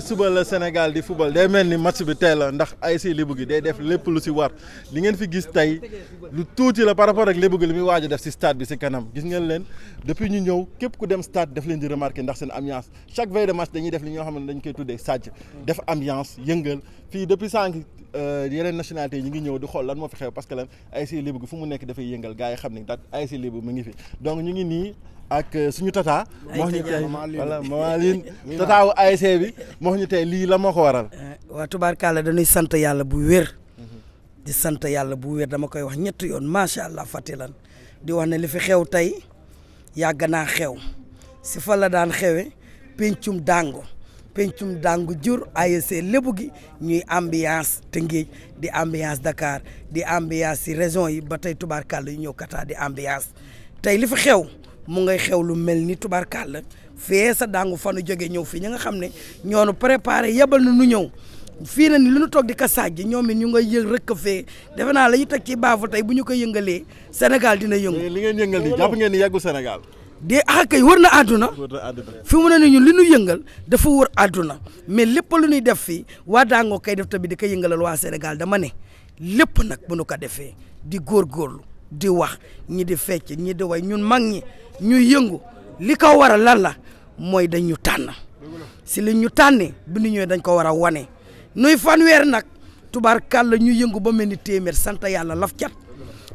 suba le Sénégal di football day mel ni match bi tey la ndax ASC Lébou gi day def lépp lu si war li ngeen fi lu la par rapport ak Lébou gi li a def si stade bi si kanam gis ngeen leen depuis ñu ñëw képp ku dem stade daf leen di remarqué ndax ambiance chaque veille de match dañuy def li ñoo xam dañ koy sàcc def ambiance yëngal depuis sànq Euh, yeneen nationalité yi ñu ngi ñëw di xool lan moo fi xew parce que lan ASC Libu gi fu mu nekk dafay yëngal gars yi xam ne daal ASC Libu mu ngi fi donc ñu ngi nii ak euh, suñu tata moo ñu tey voilà maman moo ñu tey lii la moo ko waral euh, waa tubaarkàlla dañuy sant yàlla bu wér di sant yàlla bu wér dama koy wax ñetti yoon macha allah fàttilan di wax ne li fi xew tey yàgg naa xew si fa la daan xewe pencum dàngo pencum dàngu jur ASC lébu gi ñuy ambiance Tëngéej di ambiance Dakar di ambiance si région yi ba tey tubaarkàll yu ñëw kataa di ambiance tey li fi xew mu ngay xew lu mel ni tubaarkàll fee sa dàngu fanu jóge ñëw fii ñi nga xam ne ñoonu préparé yebal na nu ñëw fii na ni lu nu toog di ka sajj ñoo it ñu nga yëg rëkk fee defe naa la ñu teg ci baafu tey bu ñu ko yëngalee Sénégal dina yëngu. li ngeen yëngal nii jàpp ngeen ni yàggul Sénégal. dee axa ah kay wër na àdduna fi mu ne ni ñun li ñu yëngal dafa wër àdduna mais lépp lu ñuy def fii waa daangoo koy def tamit di ko yëngalal waa Sénégal dama ne lépp nag bu nu ko defee di góorgóorlu di wax ñi di fecc ñi di way ñun mag ñi ñuy yëngu li ko war a lan la mooy dañ ñu tànn si li ñu tànnee bi ñu ñëwee dañ ko war a wane nuy fanweer nag tubaar tubaarkàll la ñu yëngu ba mel ni téeméer sant yàlla laf cat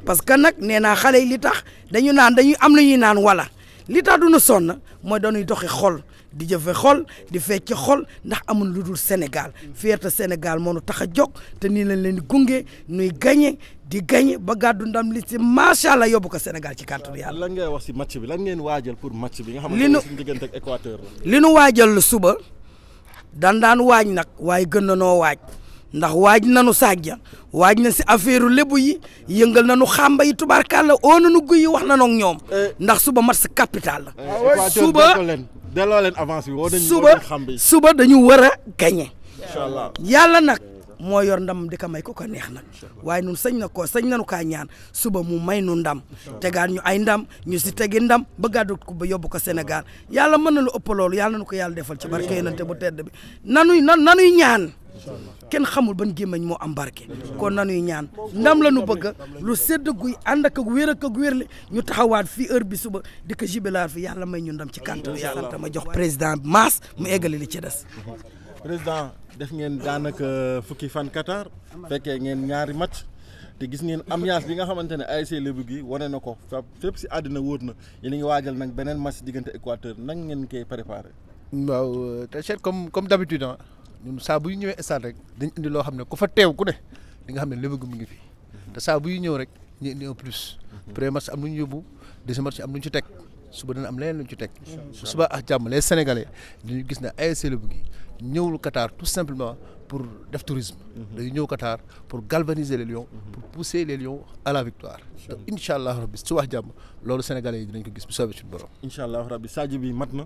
parce que nag nee naa xale yi li tax dañu naan dañuy am lu ñuy naan wala li tax duñu sonn mooy dañuy doxe xol di jëfe xol di fecc xol ndax amul lu dul Sénégal fierté Sénégal moo nu tax a jóg te nii lañ leen di gunge nuy gañe di gañe ba gàddu ndam li ci macha allah yóbbu ko Sénégal ci kàttanu yàlla. lan ngay wax ci match bi lan ngeen waajal pour match bi. nga xam ne suñu diggante ak Équateur la. li nu waajal suba dan daan waaj nag waaye gën na noo waaj. ndax wajna nañu sajja waaj na si affaireu lebu yi yeungal nañu xamba yi tubarkalla oo nanu guy yi wax nañu ak ñom eh. ndax suba mars capital la eh, suba delloo len avance bi dañu suba suba dañu wara gagner inshallah yalla nak mo yor ndam di ka may ko ko neex nak waaye nun sañ na ko sañ ñaan suba mu may nu ndam gaal ñu ay ndam ñu ci tegi ndam ba gaddu ko ba yobbu ko senegal yalla mën lu upp lolu yalla nanu ko yalla defal ci barke bu tedd bi nanuy nanuy ñaan Ken xamul ban gémmañ mo am kon nanuy ñaan ndam lañu bëgg lu sedd guuy and ak wër ak wër ñu taxawaat fi heure bi suba di ko fi yalla may ñu ndam ci kantu yalla te jox président Mass mu eggali li ci dess président def ngeen danaka fukki fan Qatar fekkee ngeen ñaari match. te gis ngeen ambiance bi nga xamantene ne ASC Lebougui gi wane nako ko ci si wourna yi na yéen a ngi waajal nag benen match digënté Équateur nak ngeen koy préparer waaw te comme comme d'habitude ñun saa bu ñu ñëwee stade rek dañ indi loo xam ne ku fa teew ku ne di nga xam ne léegi mu ngi fii te saa buy ñëw rek ñu indi un plus. Mhm. premier match am lu ñu am lu ñu ci teg suba dana am leneen lu ci teg. bu suba ak jàmm les sénégalais dañu gis ne ASC see gi ñëwul Qatar tout simplement pour def tourisme. Mhm. dañu ñëw Qatar pour galvaniser le lions. Mhm. pour pousser les lions à la victoire. te incha allah rabbi su wax jàmm loolu sénégalais yi dinañ ko gis bu soobee suñu borom. incha allah rabbi Sadio bi mat na.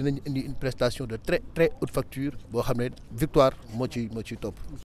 une prestation de très très haute facture boo xam victoire moo ci top.